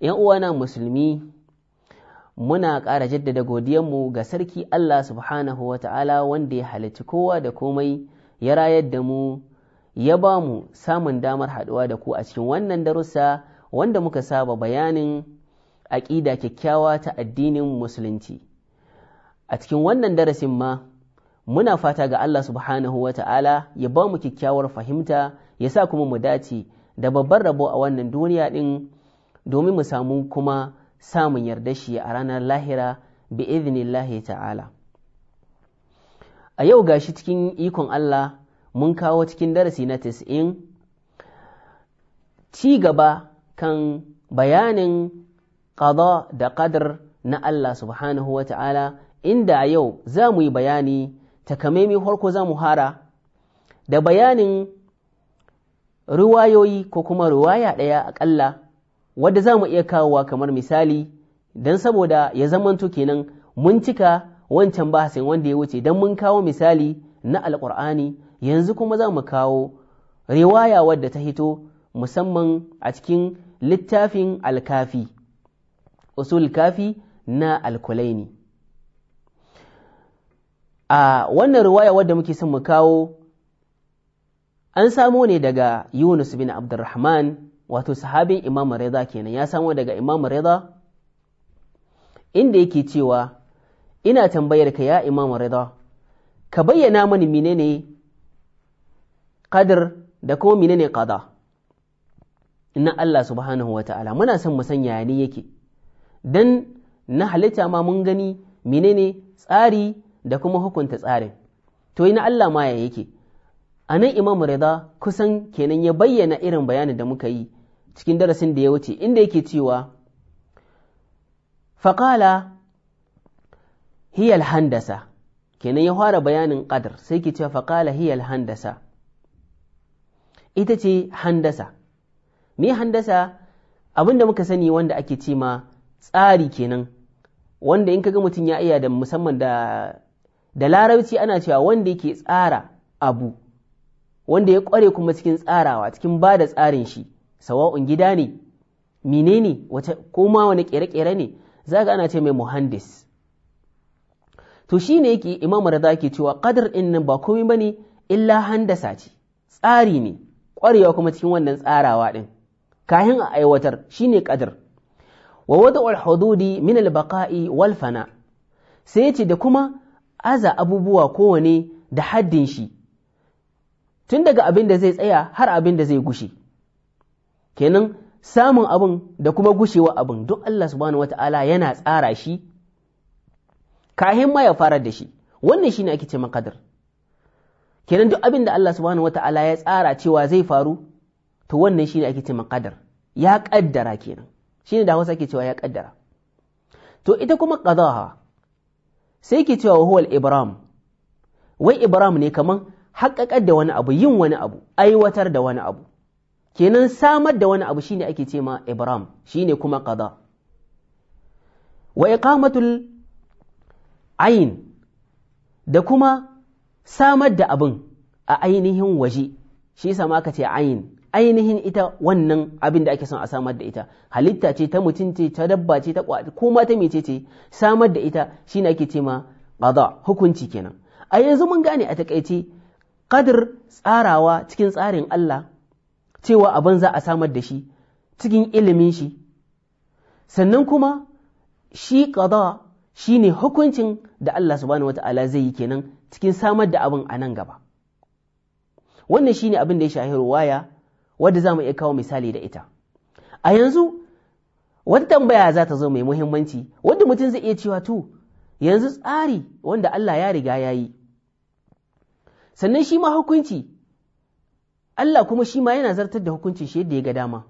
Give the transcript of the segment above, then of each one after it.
‘yan uwana musulmi muna ƙara jaddada godiyanmu ga sarki Allah subhanahu wa ta'ala wanda ya halicci kowa da komai ya rayar da mu ya ba mu samun damar haɗuwa da ku a cikin wannan darussa wanda muka saba bayanin aƙida kyakkyawa ta addinin musulunci a cikin wannan darasin ma muna fata ga Allah subhanahu wa ta'ala ya ba mu kyakkyawar fahimta ya sa kuma mu dace da babban rabo a wannan duniya ɗin domin mu samu kuma samun yarda shi a ranar lahira bi idhnillahi ta'ala a yau ga shi cikin ikon Allah mun kawo cikin darasi na 90 ci gaba kan bayanin qada da ƙadar na Allah subhanahu wa ta'ala inda a yau za mu yi bayani takamaimi horko za mu hara da bayanin ruwayoyi ko kuma ruwaya ɗaya aƙalla wadda za mu iya kawowa kamar misali don saboda ya zamanto kenan mun cika wancan bahasin wanda ya wuce don mun kawo misali na alƙur'ani yanzu kuma za mu kawo riwaya wadda ta hito musamman a cikin littafin alkafi usul kafi na alkulaini a wannan riwaya wadda muke son mu kawo an samo ne daga yunus bin Abdulrahman. wato sahabin Imam Reza kenan ya samo daga Imam Reza inda yake cewa ina tambayar ka ya Imam Reza ka bayyana mani menene kadar da kuma menene qada inna Allah subhanahu wa ta'ala muna son mu san yaya ne yake dan na halitta ma mun gani menene tsari da kuma hukunta tsarin to ina Allah ma ya yake a nan imam kusan kenan ya bayyana irin bayanin da muka yi cikin darasin da ya wuce inda yake cewa faƙala hiyal handasa kenan ya fara bayanin ƙadar sai ke cewa faƙala hiyal handasa ita ce handasa me handasa abinda muka sani wanda ake ce ma tsari kenan wanda in kaga mutum ya iya da musamman da da larabci ana cewa wanda yake tsara abu wanda ya ƙware kuma cikin tsarawa cikin ba da tsarin shi sawa'un gida ne menene wace ko wani kere-kere ne za ga ana ce mai muhandis to shi ne yake imam rada ke cewa Kadar in ba komai ba ne illa handasa ce tsari ne ƙwarewa kuma cikin wannan tsarawa ɗin kayan a aiwatar shi ne kadar wa wada hududi min baka'i walfana. wal sai ce da kuma aza abubuwa kowane da haddin shi tun daga abin da zai tsaya har abin da zai gushe kenan samun abin da kuma gushewa abin duk Allah subhanahu wata'ala yana tsara shi kahin ma ya fara da shi wannan shine ake ce makadar kenan duk abin da Allah subhanahu wata'ala ya tsara cewa zai faru to wannan shine ake ce makadar ya kaddara kenan shine da Hausa ake cewa ya kaddara to ita kuma qadaha sai ke cewa al ibram wai ibram ne kaman haƙaƙar da wani abu yin wani abu aiwatar da wani abu kenan samar da wani abu shine ake ce ma ibram shine kuma qada wa iqamatul ain da kuma samar da abin a ainihin waje shi yasa ma ce ayn ainihin ita wannan abin da ake son a samar da ita halitta ce ta mutum ta dabba ce ta kwaci ko ta mece ce samar da ita shine ake ce ma qada hukunci kenan a yanzu mun gane a takaice qadr tsarawa cikin tsarin Allah cewa abin za a samar da shi cikin ilimin shi sannan kuma shi ƙada shi ne hukuncin da Allah subhanahu wata'ala zai yi kenan cikin samar da abin a nan gaba wannan shi ne abin da ya shahi ruwaya wadda za mu iya kawo misali da ita a yanzu wata tambaya za ta zo mai muhimmanci wadda mutum zai iya cewa to yanzu tsari wanda Allah ya riga ya yi sannan shi ma hukunci Allah kuma shi ma yana zartar da hukuncin shi yadda ya ga dama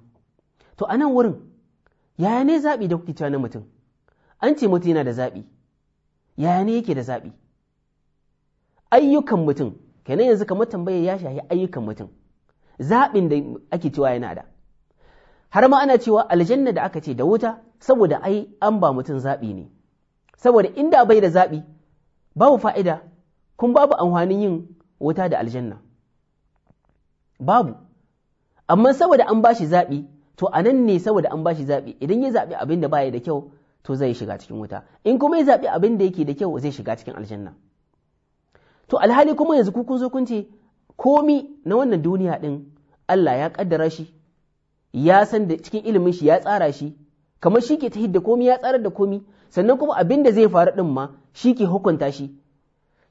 to a nan wurin yaya ne zaɓi da kuke cewa na mutum an ce mutum yana da zaɓi yaya ne yake da zaɓi ayyukan mutum kenan yanzu kamar tambayar ya shahi ayyukan mutum zaɓin da ake cewa yana da har ma ana cewa aljanna da aka ce da wuta saboda ai an ba mutum zaɓi ne saboda inda bai da zaɓi babu fa'ida kun babu amfanin yin wuta da aljanna babu amma saboda an bashi zaɓi to a nan ne saboda an bashi zaɓi idan ya zaɓi abin da baya da kyau to zai shiga cikin wuta in kuma ya zaɓi abin da yake da kyau zai shiga cikin aljanna to alhali kuma yanzu ku kun zo kun ce komi na wannan duniya din? Allah ya kaddara shi ya san da cikin ilimin shi ya tsara shi kamar shi ke tahid da komi ya tsara da komi sannan kuma abin da zai faru din ma shi ke hukunta shi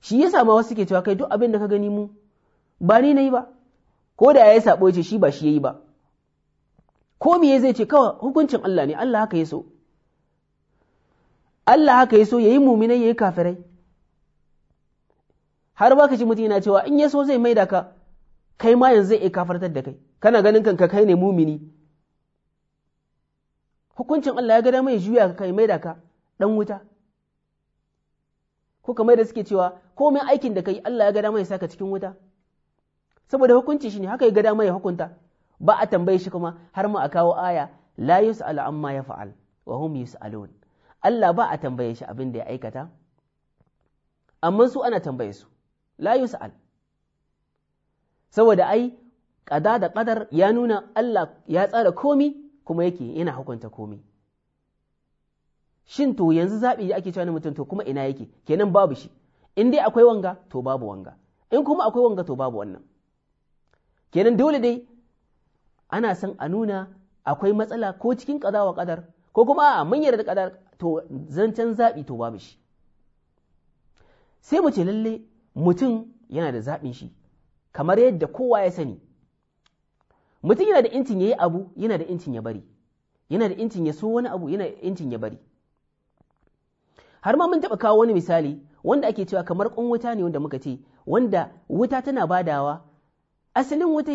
shi yasa ma wasu ke cewa kai duk abin da ka gani mu ba ni na yi ba ko da yayi sabo ce shi ba shi ya yi ba ko miye zai ce kawai hukuncin Allah ne Allah haka ya so Allah haka ya so yayi muminai yi kafirai har ba ka ji mutum yana cewa in ya so zai maida ka kai ma yanzu zai iya kafartar da kai kana ganin kanka kai ne mumini hukuncin Allah ya gada mai juya ka kai maida ka dan wuta ko kamar da suke cewa komai aikin da kai Allah ya gada mai saka cikin wuta saboda hukunci shi ne haka ya ga dama ya hukunta ba a tambaye shi kuma har mu a kawo aya la yus'alu amma ya fa'al wa hum yus'alun Allah ba a tambaye shi abin da ya aikata amma su ana tambaye su la yus'al saboda ai kada da kadar ya nuna Allah ya tsara komi kuma yake yana hukunta komi shin to yanzu zabi ake cewa mutum to kuma ina yake kenan babu shi in dai akwai wanga to babu wanga in kuma akwai wanga to babu wannan kenan dole dai ana son a nuna akwai matsala ko cikin kaza wa kadar ko kuma a mun yarda kadar to zancen zaɓi to babu shi sai mu ce lalle mutum yana da zaɓin shi kamar yadda kowa ya sani mutum yana da incin ya yi abu yana da incin ya bari yana da incin ya so wani abu yana da incin ya bari har ma mun taɓa kawo wani misali wanda ake cewa kamar ƙun wuta ne wanda muka ce wanda wuta tana badawa asalin wuta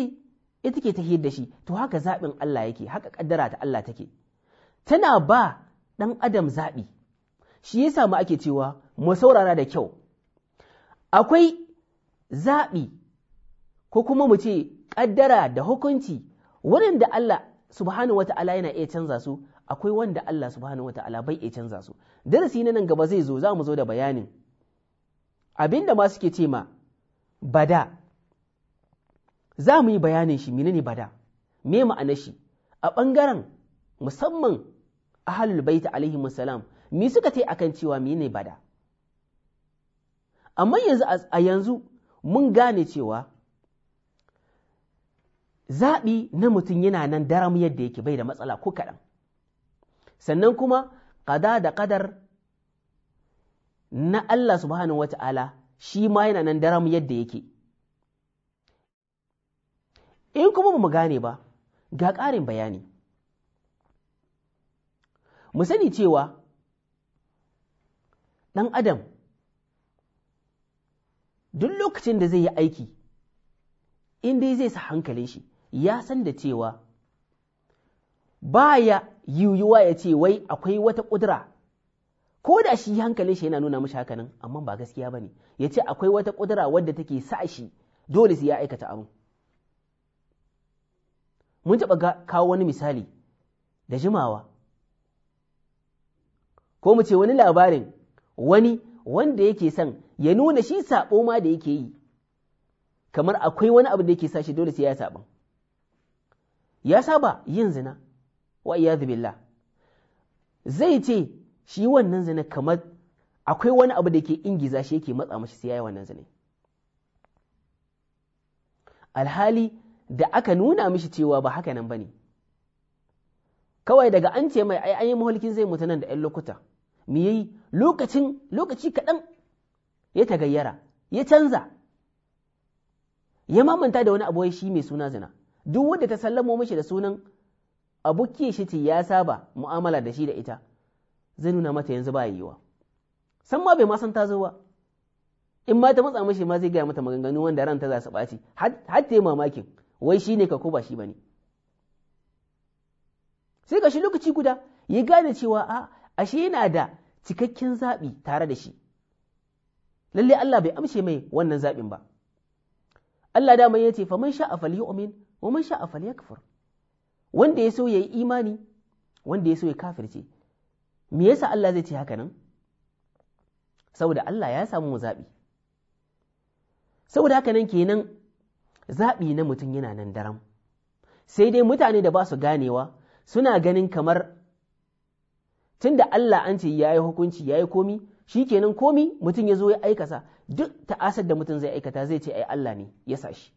ita ke ta da shi to haka zaɓin Allah yake haka ƙaddara ta Allah take tana ba ɗan adam zaɓi shi ya mu ake cewa mu saurara da kyau akwai zaɓi ko kuma mu ce ƙaddara da hukunci waɗanda Allah subhanahu wata'ala yana iya canza su akwai wanda Allah subhanahu wata'ala bai iya canza su darasi na nan gaba zai zo za mu zo da bayanin abinda ma suke ce ma bada za mu yi bayanin shi menene bada me ma'anar shi a ɓangaren musamman ahlul baita alaihi salam me suka ta akan cewa menene bada amma yanzu a yanzu mun gane cewa zaɓi na mutum yana nan daram yadda yake bai da matsala ko kaɗan sannan kuma ƙada da ƙadar na Allah subhanahu wa ta'ala shi ma yana nan daram yadda yake in kuma ba mu gane ba ga ƙarin bayani mu sani cewa ɗan adam duk lokacin da zai yi aiki in dai zai sa hankalin shi ya san da cewa baya yiwuwa ya ce wai akwai wata ƙudura ko da shi hankalin shi yana nuna mishi hakanan amma ba gaskiya ba ne ya ce akwai wata ƙudura wadda take sa shi dole su ya aikata abu mun taɓa kawo wani misali da jimawa ko mu ce wani labarin wani wanda yake son ya nuna shi saɓo ma da yake yi kamar akwai wani abu da yake sa shi dole sai ya saɓan ya saba yin zina wa iya billah zai ce shi wannan zina kamar akwai wani abu da yake ingiza shi yake matsa mashi sai ya yi wannan zina alhali da aka nuna mishi cewa ba haka nan ba ne kawai daga an ce mai ai an yi mahalkin zai mutu nan da 'yan lokuta me yi lokacin lokaci kaɗan ya tagayyara ya canza ya mamanta da wani abu shi mai suna zina duk wanda ta sallamo mishi da sunan abu shi ce ya saba mu'amala da shi da ita zai nuna mata yanzu ba yiwa san ma bai ma san ta zo ba in ma ta matsa mishi ma zai gaya mata maganganu wanda ran ranta za su ɓaci har ta yi mamakin wai shi ne ka ko ba shi ba ne sai ga shi lokaci guda ya gane cewa a ashe yana da cikakken zaɓi tare da shi lalle Allah bai amshe mai wannan zaɓin ba Allah da mai yace faman sha'a falyu'min wa man sha'a falyakfur wanda ya so yayi imani wanda ya so ya kafirce me yasa Allah zai ce haka nan saboda Allah ya samu mu zaɓi saboda haka nan kenan zaɓi na mutum yana nan daram sai dai mutane da ba su ganewa suna ganin kamar tun da Allah an ce ya yi hukunci ya yi komi shi kenan komi mutum ya zo ya aikata, duk ta'asar da mutum zai aikata zai ce ai Allah ne ya sa shi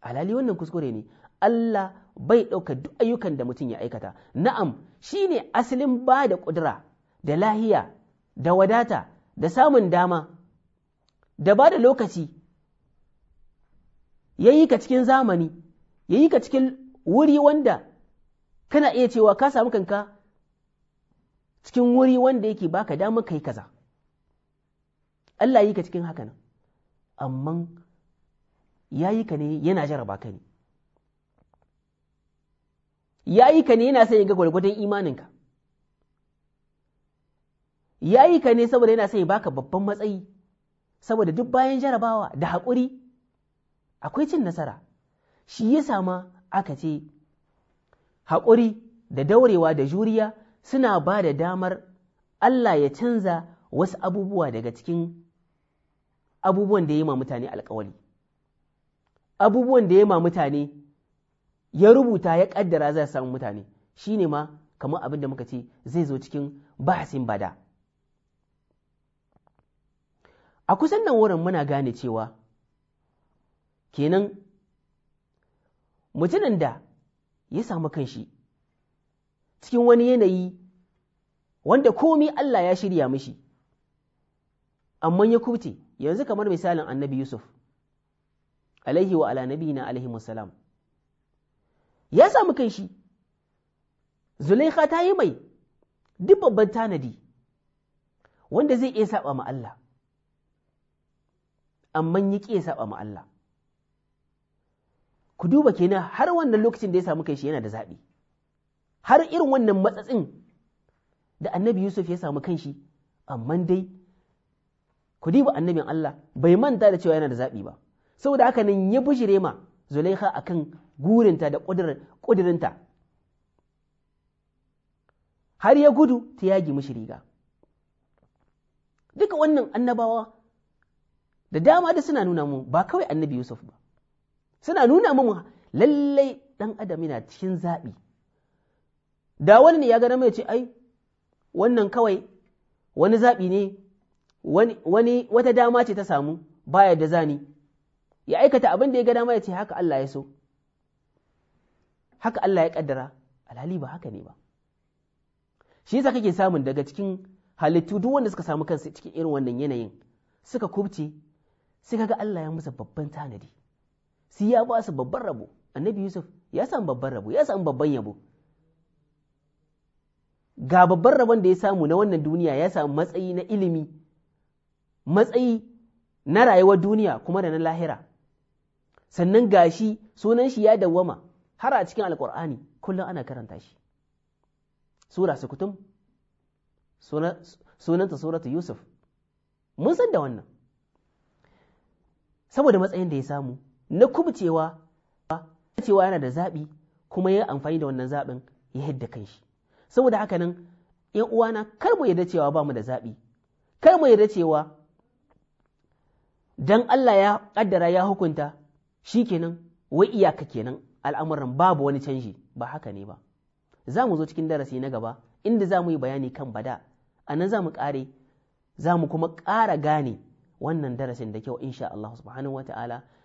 alhali wannan kuskure ne Allah bai ɗauka duk ayyukan da mutum ya aikata na'am shi ne asalin ba da ƙudura da lahiya da wadata da samun dama da ba da lokaci ya yi ka cikin zamani ya yi ka cikin wuri wanda kana iya cewa ka samu kanka cikin wuri wanda yake baka damar kai kaza Allah yi ka cikin haka nan amma ya yi ka ne yana jaraba ka ne ya yi ka ne yana son ya ga gwargwadon imaninka ya yi ka ne saboda yana son baka babban matsayi saboda duk bayan jarabawa da haƙuri akwai cin nasara shi ya sama aka ce haƙuri da daurewa da juriya suna ba da damar Allah ya canza wasu abubuwa daga cikin abubuwan da ya ma mutane alkawali abubuwan da ya ma mutane ya rubuta ya ƙaddara zai samu mutane shine ma kamar abin da muka ce zai zo cikin bahasin bada a kusan nan wurin muna gane cewa kenan mutumin da ya samu kanshi cikin wani yanayi wanda komi Allah ya shirya mishi amma ya kubce yanzu kamar misalin annabi Yusuf alaihi wa ala nabi na alaihi musalam ya samu kanshi Zulaikha ta yi mai duk babban tanadi wanda zai iya saba ma Allah amma ya ƙi saba ma Allah ku duba kenan har wannan lokacin da ya samu kai shi yana da zaɓi har irin wannan matsatsin da annabi Yusuf ya samu kanshi amma dai ku diba annabin Allah bai manta da cewa yana da zaɓi ba saboda haka nan ya bujire ma Zulaiha akan gurinta da ƙudurinta har ya gudu ta yagi mishi riga duka wannan annabawa da dama da suna nuna mu ba kawai annabi Yusuf ba suna nuna mu lallai ɗan adam yana cikin zaɓi da wani ne ya gana mai ce ai wannan kawai wani zaɓi ne wani wata dama ce ta samu baya da zani ya aikata abin da ya ga dama ya ce haka Allah ya so haka Allah ya kaddara alhali ba haka ne ba shi yasa kake samun daga cikin halittu duk wanda suka samu kansu cikin irin wannan yanayin suka kubce suka ga Allah ya musa babban tanadi Si ya ba su babban rabo annabi yusuf ya samu babban rabo ya samu babban yabo ga babban rabon da ya samu na wannan duniya ya samu matsayi na ilimi matsayi na rayuwar duniya kuma da na lahira sannan gashi sunan shi ya dawwama har a cikin alkur'ani kullum ana karanta shi sura sukutum sunanta suratu yusuf mun san da wannan saboda matsayin da ya samu na kubcewa cewa yana da zaɓi kuma ya amfani da wannan zaɓin ya hidda shi. saboda haka nan ‘yan uwana kar mu yarda cewa ba mu da zaɓi kar mu yarda cewa dan Allah ya ƙaddara ya hukunta shi kenan wai iyaka kenan al'amuran babu wani canji ba haka ne ba za mu zo cikin darasi na gaba inda za mu yi bayani kan bada a nan za mu ƙare za mu kuma ƙara gane wannan darasin da kyau insha Allah subhanahu wa ta'ala